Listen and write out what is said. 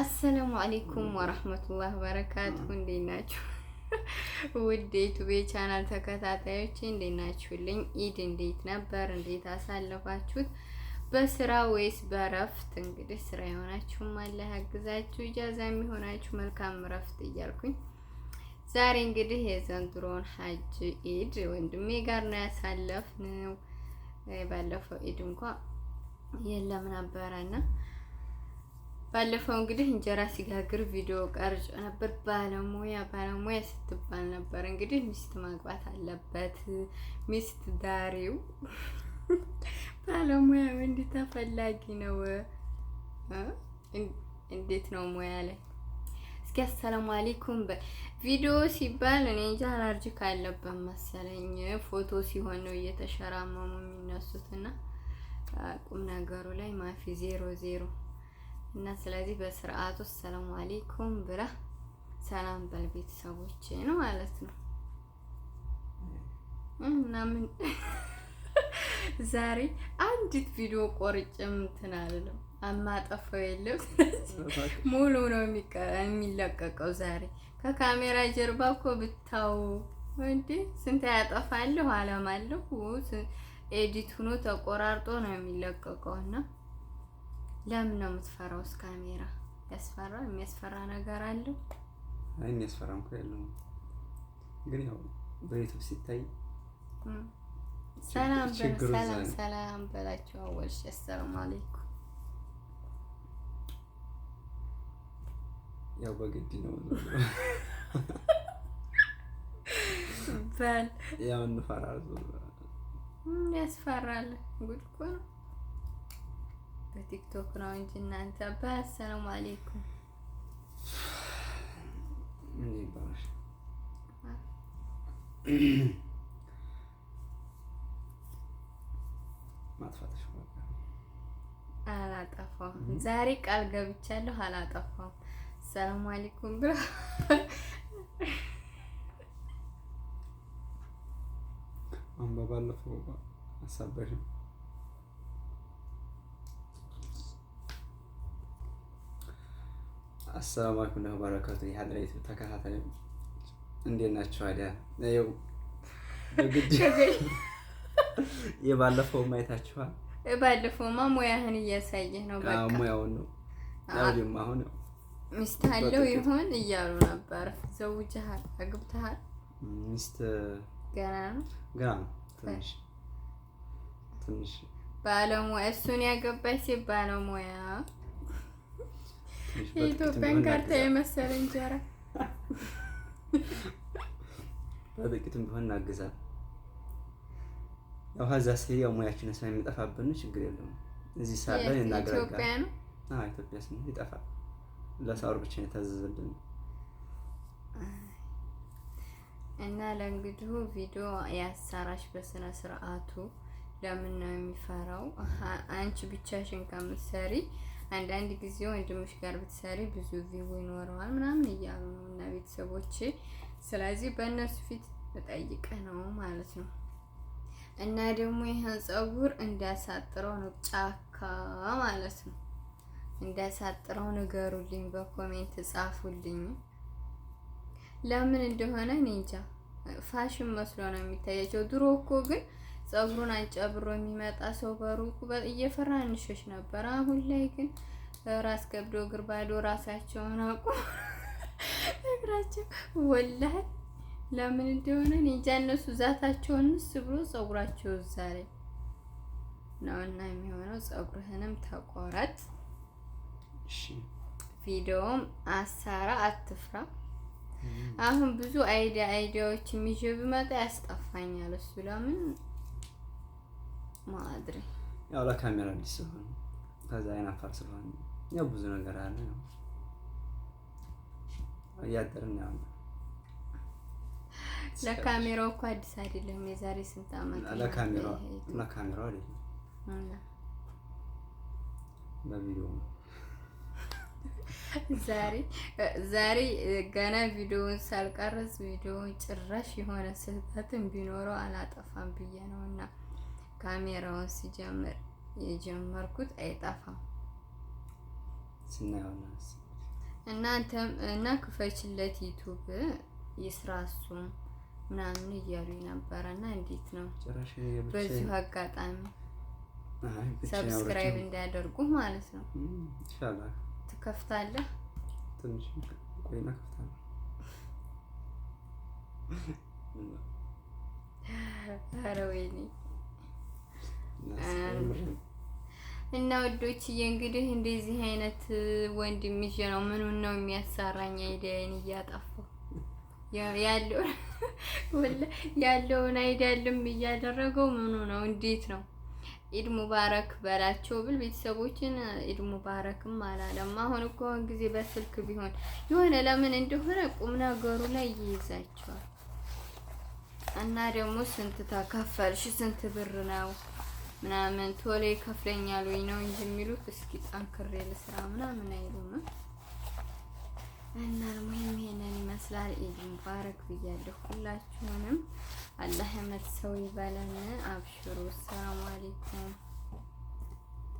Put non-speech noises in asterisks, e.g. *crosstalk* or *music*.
አሰላሙ አሌይኩም ወረህመቱላህ በረካቱሁ እንዴት ናችሁ? ውድ ዩቱብ ቻናል ተከታታዮች እንዴት ናችሁልኝ? ኢድ እንዴት ነበር? እንዴት አሳለፋችሁት? በስራ ወይስ በእረፍት? እንግዲህ ስራ የሆናችሁም አላህ ያግዛችሁ፣ ኢጃዛ የሚሆናችሁ መልካም እረፍት እያልኩኝ ዛሬ እንግዲህ የዘንድሮውን ሀጅ ኢድ ወንድሜ ጋር ነው ያሳለፍነው። ባለፈው ኢድ እንኳ የለም ነበረና ባለፈው እንግዲህ እንጀራ ሲጋግር ቪዲዮ ቀርጬ ነበር። ባለሙያ ባለሙያ ስትባል ነበር። እንግዲህ ሚስት ማግባት አለበት። ሚስት ዳሪው *laughs* ባለሙያ ወንድ ተፈላጊ ነው። እንዴት ነው ሙያ ላይ እስኪ አሰላሙ አለይኩም ቪዲዮ ሲባል እኔ እንጃ አላርጅክ ካለበት መሰለኝ። ፎቶ ሲሆን ነው እየተሸራመሙ የሚነሱትና ቁም ነገሩ ላይ ማፊ ዜሮ ዜሮ እና ስለዚህ በስርዓቱ ሰላም አለይኩም ብላ ሰላም በል ቤተሰቦቼ ነው ማለት ነው። እና ምን *laughs* ዛሬ አንዲት ቪዲዮ ቆርጬም እንትን አማጠፈው የለም *laughs* ሙሉ ነው የሚለቀቀው። ዛሬ ከካሜራ ጀርባ እኮ ብታው እንዴ ስንት ያጠፋለሁ አለማለሁ። ኤዲት ሆኖ ተቆራርጦ ነው የሚለቀቀውና ለምን ነው የምትፈራው? እስ ካሜራ ያስፈራል? የሚያስፈራ ነገር አለ? አይ የሚያስፈራ እንኳ የለውም፣ ግን ያው በዩቱብ ሲታይ ሰላም ሰላም ሰላም በላቸው። አወልሽ አሰላሙ አለይኩም። ያው በግድ ነው በል ያው እንፈራ ያስፈራል። ጉድ እኮ ነው። ቲክቶክ ነው እንጂ እናንተ በአሰላሙ አሌይኩም አላጠፋሁም። ዛሬ ቃል ገብቻለሁ አላጠፋሁም። አሰላሙ አሌይኩም ብሎ አሁን በባለፈው አሳበሽም አሰላሙ አለይኩም ወበረካቱ ያለ ዩቲዩብ ተከታታይ እንዴት ናቸው? አዲያ የባለፈው ማየታችኋል። ባለፈውማ ሙያህን እያሳየህ ነው። በቃ ሙያውን ነው ያው አሁን ሚስት አለው ይሆን እያሉ ነበር። ዘውጀሃል? አግብተሃል? ሚስት ገና ነው ገና ነው ትንሽ ትንሽ ባለሙያ እሱን ያገባች ሲባለው ሙያ የኢትዮጵያን ካርታ የመሰለ እንጀራ በጥቂቱም ቢሆን እናግዛለን። ያው ሀዛ ስሄድ ያው ሙያችን ስለሚጠፋብን ችግር የለውም። እዚህ ሰዓት እናገራለን። ኢትዮጵያ ነው ይጠፋል። ለሳውር ብቻ የታዘዘብን እና ለእንግዲሁ ቪዲዮ ያሰራሽ በስነ ስርዓቱ ለምን ነው የሚፈራው? አንቺ ብቻሽን ከምትሰሪ አንዳንድ ጊዜ ወንድምሽ ጋር ብትሰሪ ብዙ ቪው ይኖረዋል ምናምን እያሉ ነው እና ቤተሰቦች። ስለዚህ በእነሱ ፊት ተጠይቀ ነው ማለት ነው። እና ደግሞ ይህን ጸጉር እንዳሳጥረው ነው ጫካ ማለት ነው። እንዳሳጥረው ንገሩልኝ፣ በኮሜንት ጻፉልኝ። ለምን እንደሆነ እኔ እንጃ። ፋሽን መስሎ ነው የሚታያቸው። ድሮ እኮ ግን ጸጉሩን አንጨብሮ የሚመጣ ሰው በሩቁ እየፈራ እንሾች ነበር። አሁን ላይ ግን ራስ ከብዶ እግር ባዶ ራሳቸውን አቁ እግራቸው ወላ ለምን እንደሆነ እኔ እንጃ። እነሱ ዛታቸውን ምስ ብሎ ጸጉራቸው እዛ ላይ እና የሚሆነው። ጸጉርህንም ተቆረጥ። ቪዲዮም አሳራ አትፍራ። አሁን ብዙ አይዲያ አይዲያዎች የሚጀብ መጣ ያስጠፋኛል እሱ ለምን ማድሪ ያው ለካሜራ አዲስ ስለሆነ ከዛ አይን አፋር ስለሆነ ያው ብዙ ነገር አለ ነው እያደርን ያው ለካሜራው እኮ አዲስ አይደለም። የዛሬ ስንት ዓመት ለካሜራው ለካሜራው አይደለም በቪዲዮ *laughs* ዛሬ ዛሬ ገና ቪዲዮውን ሳልቀርጽ ቪዲዮውን ጭራሽ የሆነ ስህተትን ቢኖረው አላጠፋም ብዬ ነው እና ካሜራውን ሲጀምር የጀመርኩት አይጠፋም። እናንተም እና ክፈችለት ዩቱብ ይስራ እሱም ምናምን እያሉ ነበረ እና እንዴት ነው በዚሁ አጋጣሚ ሰብስክራይብ እንዲያደርጉ ማለት ነው። ትከፍታለህ ትንሽ ቆይና ከፍታለሁ። ኧረ ወይኔ እና ወዶችዬ እንግዲህ እንደዚህ አይነት ወንድ ይዤ ነው። ምኑን ነው የሚያሰራኝ? አይዲያን እያጠፋው *laughs* ያለውን አይዲያልም እያደረገው ምኑ ነው? እንዴት ነው? ኢድ ሙባረክ በላቸው ብል ቤተሰቦችን ኢድ ሙባረክም አላለም። አሁን እኮ አሁን ጊዜ በስልክ ቢሆን የሆነ ለምን እንደሆነ ቁም ነገሩ ላይ ይይዛቸዋል። እና ደግሞ ስንት ተከፈልሽ? ስንት ብር ነው ምናምን ቶሎ ይከፍለኛል ወይ ነው እንጂ የሚሉት። እስኪ ጠንክሬ ልስራ ምናምን አይሉም እና ለምን ይሄንን ይመስላል። ኢድ ሙባረክ ብያለሁ ሁላችሁንም። አላህ እምነት ሰው ይበለን። አብሽሩ። ሰላም አለይኩም